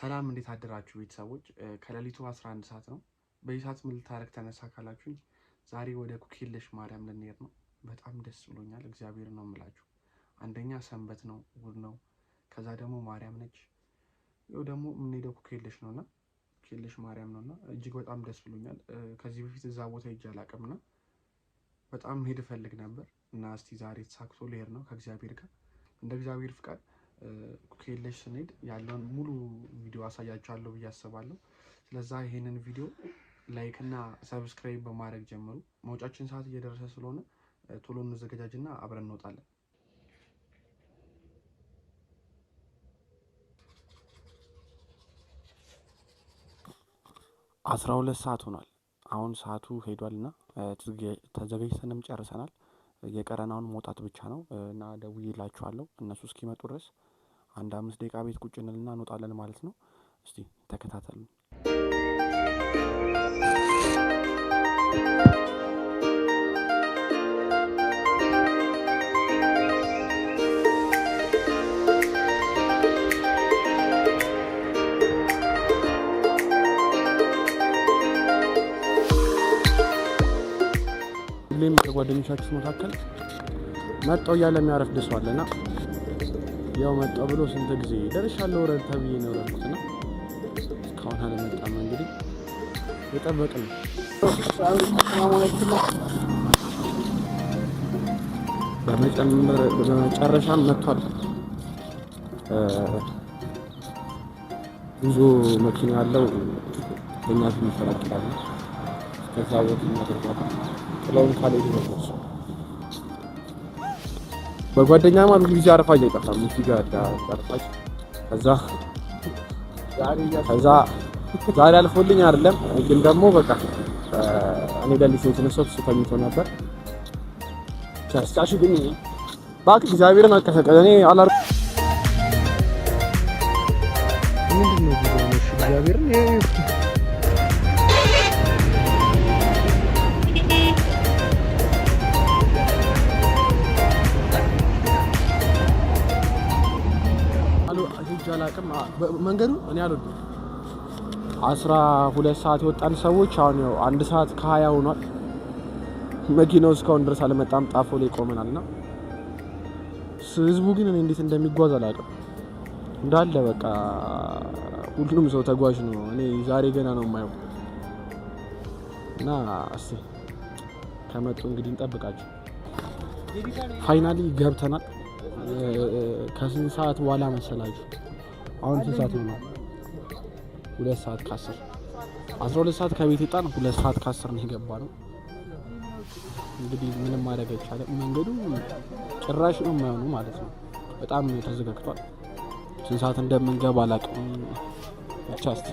ሰላም እንዴት አደራችሁ ቤተሰቦች? ከሌሊቱ 11 ሰዓት ነው። በዚህ ሰዓት ምን ልታረግ ተነሳ ካላችሁ ዛሬ ወደ ኩኪለሽ ማርያም ልንሄድ ነው። በጣም ደስ ብሎኛል። እግዚአብሔር ነው የምላችሁ። አንደኛ ሰንበት ነው፣ እሑድ ነው። ከዛ ደግሞ ማርያም ነች። ይኸው ደግሞ የምንሄደው ኩክየለሽ ነውና ኩክየለሽ ማርያም ነውና እጅግ በጣም ደስ ብሎኛል። ከዚህ በፊት እዛ ቦታ ሄጄ አላውቅምና በጣም መሄድ እፈልግ ነበር እና እስቲ ዛሬ ተሳክቶ ልሄድ ነው ከእግዚአብሔር ጋር እንደ እግዚአብሔር ፍቃድ ኬለሽ ስንሄድ ያለውን ሙሉ ቪዲዮ አሳያችኋለሁ ብዬ አስባለሁ። ስለዛ ይሄንን ቪዲዮ ላይክ እና ሰብስክራይብ በማድረግ ጀምሩ። መውጫችን ሰዓት እየደረሰ ስለሆነ ቶሎ ና አብረን እንወጣለን። አስራ ሁለት ሰዓት ሆኗል። አሁን ሰዓቱ ሄዷል ና ተዘጋጅተንም ጨርሰናል። የቀረናውን መውጣት ብቻ ነው እና ደውዬላችኋለሁ እነሱ እስኪመጡ ድረስ አንድ አምስት ደቂቃ ቤት ቁጭ እንልና እንወጣለን ማለት ነው። እስቲ ተከታተሉን። ሁሌም ከጓደኞቻችሁ መካከል መጣው እያለ የሚያረፍድ ሰው አለና ያው መጣው ብሎ ስንት ጊዜ ደርሻለሁ ወረድ ተብዬ ነው ረድኩት ና እስካሁን አለመጣም። እንግዲህ የጠበቅ ነው። በመጨረሻም መጥቷል። ብዙ መኪና ያለው እኛ ፊት ይፈላቅላል። እስከዛ ወት እናደርጓል ጥለውን ካልሄዱ መለሱ። በጓደኛም አንድ ጊዜ አረፋጅ አይጠፋም። እዚህ ጋር ከዛ ከዛ ዛሬ አልፎልኝ አይደለም ግን ደግሞ በቃ እኔ ደልሽ የተነሳሁት እሱ ተኝቶ ነበር። ቻስካሽ ግን ባክ እግዚአብሔርን አቀሰቀ እኔ አላር መንገዱ እኔ አልወድም። አስራ ሁለት ሰዓት የወጣን ሰዎች አሁን ያው አንድ ሰዓት ከሀያ ሆኗል። መኪናው እስካሁን ድረስ አልመጣም፣ ጣፎ ላይ ቆመናል እና ህዝቡ ግን እኔ እንዴት እንደሚጓዝ አላውቅም። እንዳለ በቃ ሁሉም ሰው ተጓዥ ነው። እኔ ዛሬ ገና ነው የማየው እና እስኪ ከመጡ እንግዲህ እንጠብቃቸው። ፋይናሊ ገብተናል። ከስንት ሰዓት በኋላ መሰላችሁ? አሁን ስንት ሰዓት ነው? ሁለት ሰዓት ከአስር አስራ ሁለት ሰዓት ከቤት ይጣን ሁለት ሰዓት ከአስር ነው የገባ ነው። እንግዲህ ምንም ማድረግ አይቻልም። መንገዱ ጭራሽ ነው የማይሆኑ ማለት ነው። በጣም ተዘጋግቷል። ስንት ሰዓት እንደምንገባ አላውቅም። ብቻ እስኪ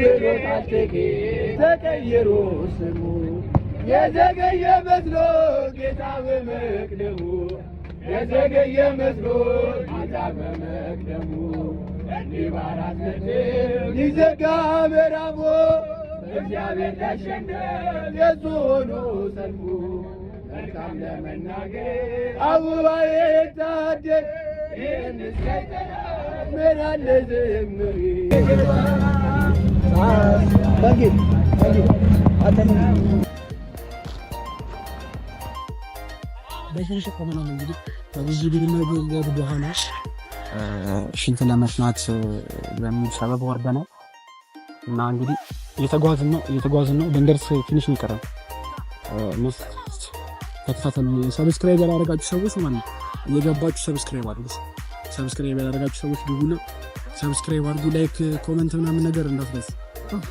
ችሎታል ተቀይሮ ስሙ የዘገየ መስሎ ጌታ በመቅደሙ የዘገየ መስሎ ጌታ በመቅደሙ እንዲህ ሊዘጋ ምዕራፉ እግዚአብሔር ላሸነፍ የሱ ሆኖ ሰልፉ መልካም ለመናገር አቡባዬ የታደግ ይህን ስከይጠራ ምን ዝምሪ Thank you. Thank you. እንግዲህ በብዙ ግድመገር በኋላ ሽንት ለመስናት በሚል ሰበብ ወርደናል እና እንግዲህ እየተጓዝን ነው እየተጓዝን ነው። ልንደርስ ትንሽ ሰብስክራይብ ያላደረጋችሁ ሰዎች ማለት ነው እየገባችሁ ሰብስክራይብ አድርጉ። ሰብስክራይብ ያላደረጋችሁ ሰዎች ግቡና ሰብስክራይብ አድርጉ። ላይክ፣ ኮመንት ምናምን ነገር unuttum.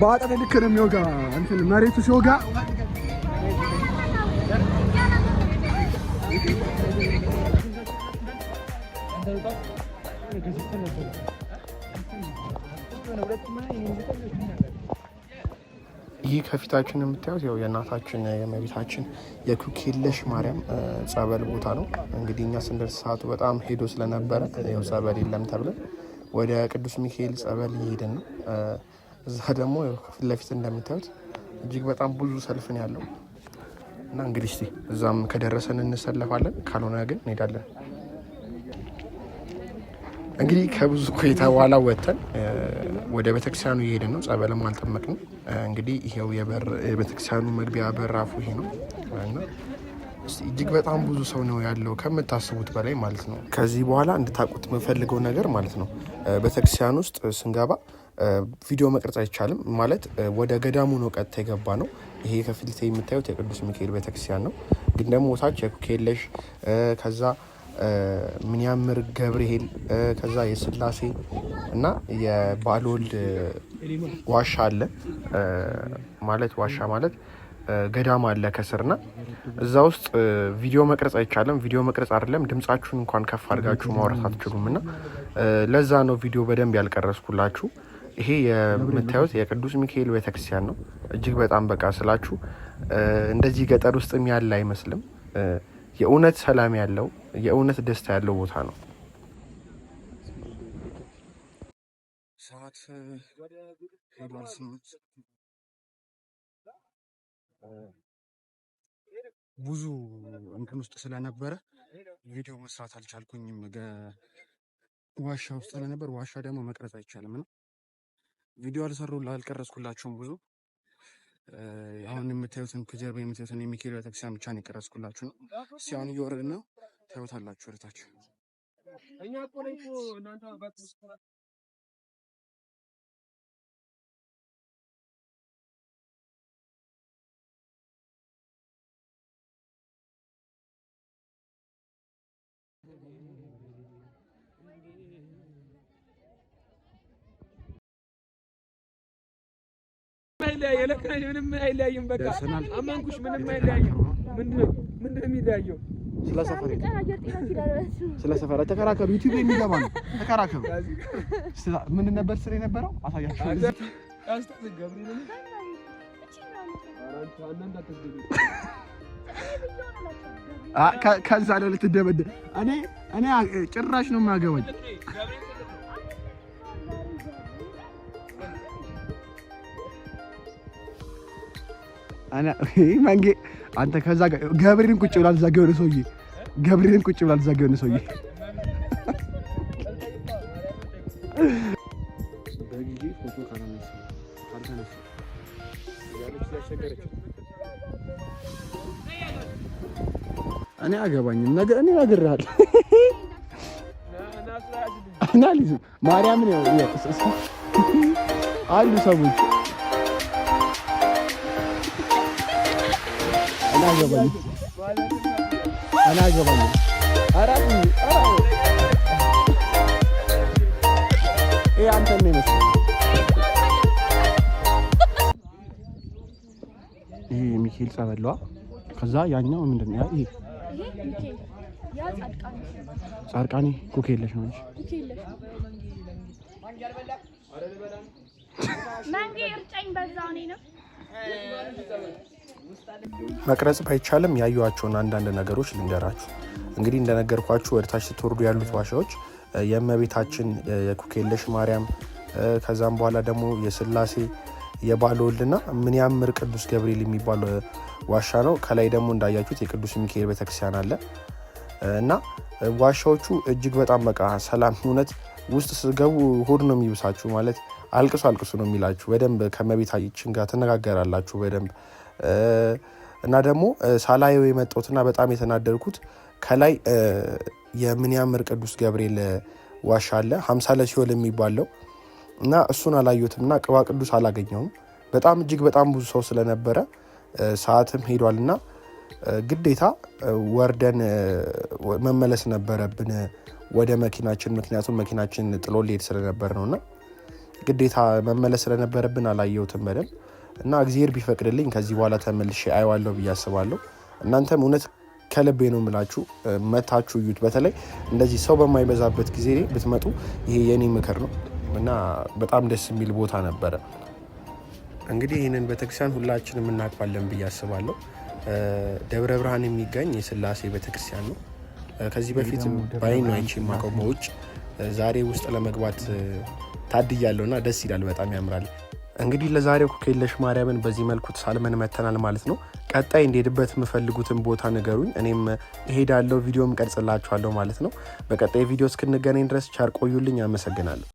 ባጠ ልክርም ዮጋ እንትን መሬቱ ሲወጋ ይህ ከፊታችን የምታዩት ያው የእናታችን የመቤታችን የኩኬለሽ ማርያም ጸበል ቦታ ነው። እንግዲህ እኛ ስንደርስ ሰዓቱ በጣም ሄዶ ስለነበረ ያው ጸበል የለም ተብለን ወደ ቅዱስ ሚካኤል ጸበል እየሄድን ነው። እዛ ደግሞ ፊት ለፊት እንደምታዩት እጅግ በጣም ብዙ ሰልፍን ያለው እና እንግዲህ እዛም ከደረሰን እንሰለፋለን፣ ካልሆነ ግን እንሄዳለን። እንግዲህ ከብዙ ቆይታ በኋላ ወጥተን ወደ ቤተክርስቲያኑ እየሄደ ነው። ጸበለም አልጠመቅንም። እንግዲህ ይሄው የቤተክርስቲያኑ መግቢያ በራፉ ይሄ ነው እጅግ በጣም ብዙ ሰው ነው ያለው ከምታስቡት በላይ ማለት ነው። ከዚህ በኋላ እንድታቁት የምፈልገው ነገር ማለት ነው ቤተክርስቲያን ውስጥ ስንገባ ቪዲዮ መቅረጽ አይቻልም። ማለት ወደ ገዳሙ ነው ቀጥታ የገባ ነው። ይሄ ከፊት የምታዩት የቅዱስ ሚካኤል ቤተክርስቲያን ነው። ግን ደግሞ ታች የኩኬለሽ ከዛ ያምር ገብርኤል ከዛ የስላሴ እና የባልወልድ ዋሻ አለ ማለት ዋሻ ማለት ገዳም አለ ከስርና እዛ ውስጥ ቪዲዮ መቅረጽ አይቻልም። ቪዲዮ መቅረጽ አይደለም ድምጻችሁን እንኳን ከፍ አድርጋችሁ ማውራት አትችሉም። እና ለዛ ነው ቪዲዮ በደንብ ያልቀረስኩላችሁ ይሄ የምታዩት የቅዱስ ሚካኤል ቤተክርስቲያን ነው። እጅግ በጣም በቃ ስላችሁ እንደዚህ ገጠር ውስጥም ያለ አይመስልም። የእውነት ሰላም ያለው የእውነት ደስታ ያለው ቦታ ነው። ብዙ እንትን ውስጥ ስለነበረ ቪዲዮ መስራት አልቻልኩኝም። ዋሻ ውስጥ ስለነበር ዋሻ ደግሞ መቅረጽ አይቻልም ነው ቪዲዮ አልሰሩ አልቀረጽኩላቸውም ብዙ አሁን የምታዩትን ከጀርባ የምታዩትን የሚካኤል ቤተክርስቲያን ብቻ ነው የቀረጽኩላችሁ ነው። እስኪ አሁን እየወረድን ነው፣ ታዩታላችሁ ወደታችሁ አይለያየ ለካሽ ምንም አይለያይም። በቃ አመንኩሽ። ምንም አይለያይም። ምንድነው ምንድነው የሚለያየው? ስለ ሰፈር ስለ ሰፈር ተከራከሩ። ዩቲዩብ የሚገባ ነው። ተከራከሩ። ምን ነበር ስለ የነበረው አሳያችሁ። ከዛ ለልትደበደ እኔ እኔ ጭራሽ ነው የማገባኝ መንጌ አንተ ከዛ ጋር ገብሬን ቁጭ ብላል። እዛ ገብሬ ሰውዬ ገብሬን ቁጭ ብላል። እዛ ገብሬ ሰውዬ እኔ አገባኝም ነገ እኔ ነግርሃል። አናሊዝ ማርያምን ያው አሉ ሰዎች አላገባኝም ይሄ ሚካኤል ጸበለዋ። ከዛ ያኛው ምንድን ነው ይሄ ጻድቃኔ ኩክ ነው እንጂ መንጌ እርጨኝ በዛው እኔ ነው መቅረጽ ባይቻልም ያዩዋቸውን አንዳንድ ነገሮች ልንገራችሁ። እንግዲህ እንደነገርኳችሁ ወደታች ስትወርዱ ያሉት ዋሻዎች የእመቤታችን የኩኬለሽ ማርያም ከዛም በኋላ ደግሞ የስላሴ የባለ ወልድና ምን ያምር ቅዱስ ገብርኤል የሚባል ዋሻ ነው። ከላይ ደግሞ እንዳያችሁት የቅዱስ ሚካኤል ቤተክርስቲያን አለ እና ዋሻዎቹ እጅግ በጣም በቃ ሰላም እውነት ውስጥ ስገቡ ሆድ ነው የሚብሳችሁ ማለት አልቅሱ አልቅሱ ነው የሚላችሁ። በደንብ ከእመቤታችን ጋር ትነጋገራላችሁ በደንብ እና ደግሞ ሳላየው የመጣሁትና በጣም የተናደርኩት ከላይ የምንያምር ቅዱስ ገብርኤል ዋሻ አለ ሀምሳ ለሲኦል የሚባለው እና እሱን አላየሁትም ቅባ ቅዱስ አላገኘውም። በጣም እጅግ በጣም ብዙ ሰው ስለነበረ ሰዓትም ሄዷል እና ግዴታ ወርደን መመለስ ነበረብን ወደ መኪናችን፣ ምክንያቱም መኪናችን ጥሎ ሊሄድ ስለነበር ነው እና ግዴታ መመለስ ስለነበረብን አላየሁትም በደንብ እና እግዚአብሔር ቢፈቅድልኝ ከዚህ በኋላ ተመልሼ አየዋለሁ ብዬ አስባለሁ። እናንተም እውነት ከልቤ ነው የምላችሁ፣ መታችሁ እዩት። በተለይ እንደዚህ ሰው በማይበዛበት ጊዜ ብትመጡ፣ ይሄ የኔ ምክር ነው እና በጣም ደስ የሚል ቦታ ነበረ። እንግዲህ ይህንን ቤተክርስቲያን ሁላችንም እናቅባለን ብዬ አስባለሁ። ደብረ ብርሃን የሚገኝ የስላሴ ቤተክርስቲያን ነው። ከዚህ በፊት በአይን አይቼ የማውቀው በውጭ ዛሬ ውስጥ ለመግባት እና ደስ ይላል። በጣም ያምራል። እንግዲህ ለዛሬው ኩክየለሽ ማርያምን በዚህ መልኩ ተሳልመን መተናል ማለት ነው። ቀጣይ እንደሄድበት የምፈልጉትን ቦታ ንገሩኝ፣ እኔም እሄዳለሁ፣ ቪዲዮም ቀርጽላችኋለሁ ማለት ነው። በቀጣይ ቪዲዮ እስክንገናኝ ድረስ ቻር ቆዩልኝ። አመሰግናለሁ።